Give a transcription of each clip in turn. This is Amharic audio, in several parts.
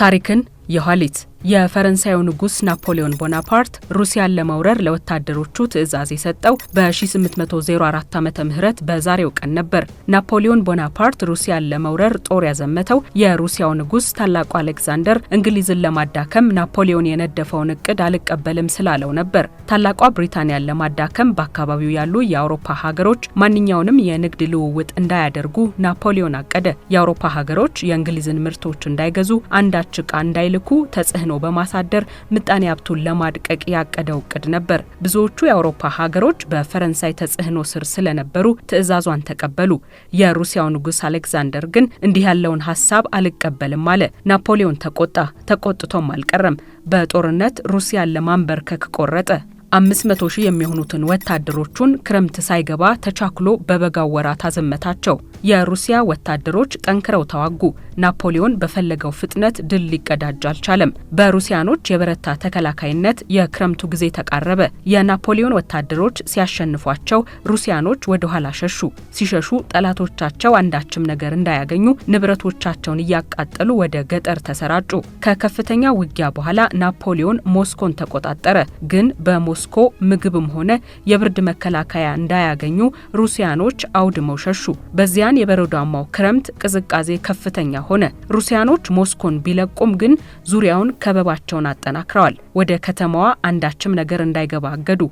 ታሪክን የኋሊት የፈረንሳዩ ንጉስ ናፖሊዮን ቦናፓርት ሩሲያን ለመውረር ለወታደሮቹ ትዕዛዝ የሰጠው በ1804 ዓ ም በዛሬው ቀን ነበር። ናፖሊዮን ቦናፓርት ሩሲያን ለመውረር ጦር ያዘመተው የሩሲያው ንጉስ ታላቁ አሌክዛንደር እንግሊዝን ለማዳከም ናፖሊዮን የነደፈውን እቅድ አልቀበልም ስላለው ነበር። ታላቋ ብሪታንያን ለማዳከም በአካባቢው ያሉ የአውሮፓ ሀገሮች ማንኛውንም የንግድ ልውውጥ እንዳያደርጉ ናፖሊዮን አቀደ። የአውሮፓ ሀገሮች የእንግሊዝን ምርቶች እንዳይገዙ፣ አንዳች ዕቃ እንዳይልኩ ተጽህኖ ተጽዕኖ በማሳደር ምጣኔ ሀብቱን ለማድቀቅ ያቀደው እቅድ ነበር። ብዙዎቹ የአውሮፓ ሀገሮች በፈረንሳይ ተጽዕኖ ስር ስለነበሩ ትዕዛዟን ተቀበሉ። የሩሲያው ንጉሥ አሌክዛንደር ግን እንዲህ ያለውን ሀሳብ አልቀበልም አለ። ናፖሊዮን ተቆጣ። ተቆጥቶም አልቀረም። በጦርነት ሩሲያን ለማንበርከክ ቆረጠ። አምስት መቶ ሺህ የሚሆኑትን ወታደሮቹን ክረምት ሳይገባ ተቻክሎ በበጋው ወራት አዘመታቸው። የሩሲያ ወታደሮች ጠንክረው ተዋጉ። ናፖሊዮን በፈለገው ፍጥነት ድል ሊቀዳጅ አልቻለም። በሩሲያኖች የበረታ ተከላካይነት የክረምቱ ጊዜ ተቃረበ። የናፖሊዮን ወታደሮች ሲያሸንፏቸው ሩሲያኖች ወደ ኋላ ሸሹ። ሲሸሹ ጠላቶቻቸው አንዳችም ነገር እንዳያገኙ ንብረቶቻቸውን እያቃጠሉ ወደ ገጠር ተሰራጩ። ከከፍተኛ ውጊያ በኋላ ናፖሊዮን ሞስኮን ተቆጣጠረ። ግን በሞስኮ ምግብም ሆነ የብርድ መከላከያ እንዳያገኙ ሩሲያኖች አውድመው ሸሹ። በዚያ በጣሊያን የበረዷማው ክረምት ቅዝቃዜ ከፍተኛ ሆነ። ሩሲያኖች ሞስኮን ቢለቁም ግን ዙሪያውን ከበባቸውን አጠናክረዋል። ወደ ከተማዋ አንዳችም ነገር እንዳይገባ አገዱ።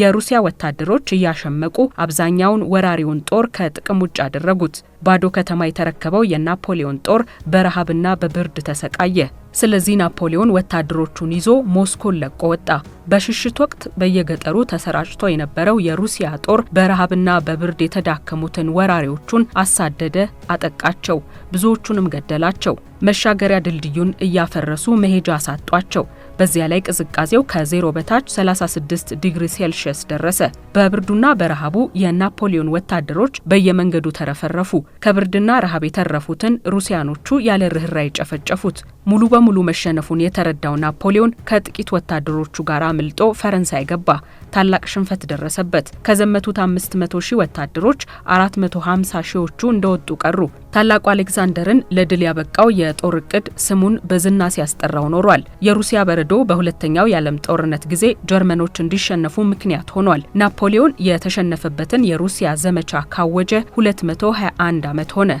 የሩሲያ ወታደሮች እያሸመቁ አብዛኛውን ወራሪውን ጦር ከጥቅም ውጭ አደረጉት። ባዶ ከተማ የተረከበው የናፖሊዮን ጦር በረሃብና በብርድ ተሰቃየ። ስለዚህ ናፖሊዮን ወታደሮቹን ይዞ ሞስኮን ለቆ ወጣ። በሽሽት ወቅት በየገጠሩ ተሰራጭቶ የነበረው የሩሲያ ጦር በረሃብና በብርድ የተዳከሙትን ወራሪዎቹን አሳደደ፣ አጠቃቸው፣ ብዙዎቹንም ገደላቸው። መሻገሪያ ድልድዩን እያፈረሱ መሄጃ አሳጧቸው። በዚያ ላይ ቅዝቃዜው ከዜሮ በታች 36 ዲግሪ ሴልሺየስ ደረሰ። በብርዱና በረሃቡ የናፖሊዮን ወታደሮች በየመንገዱ ተረፈረፉ። ከብርድና ረሃብ የተረፉትን ሩሲያኖቹ ያለ ርኅራ ይጨፈጨፉት። ሙሉ በሙሉ መሸነፉን የተረዳው ናፖሊዮን ከጥቂት ወታደሮቹ ጋር አምልጦ ፈረንሳይ ገባ። ታላቅ ሽንፈት ደረሰበት። ከዘመቱት 500 ሺህ ወታደሮች 450 ሺዎቹ እንደወጡ ቀሩ። ታላቁ አሌክዛንደርን ለድል ያበቃው የጦር እቅድ ስሙን በዝና ሲያስጠራው ኖሯል። የሩሲያ በረዶ በሁለተኛው የዓለም ጦርነት ጊዜ ጀርመኖች እንዲሸነፉ ምክንያት ሆኗል። ናፖሊዮን የተሸነፈበትን የሩሲያ ዘመቻ ካወጀ 221 ዓመት ሆነ።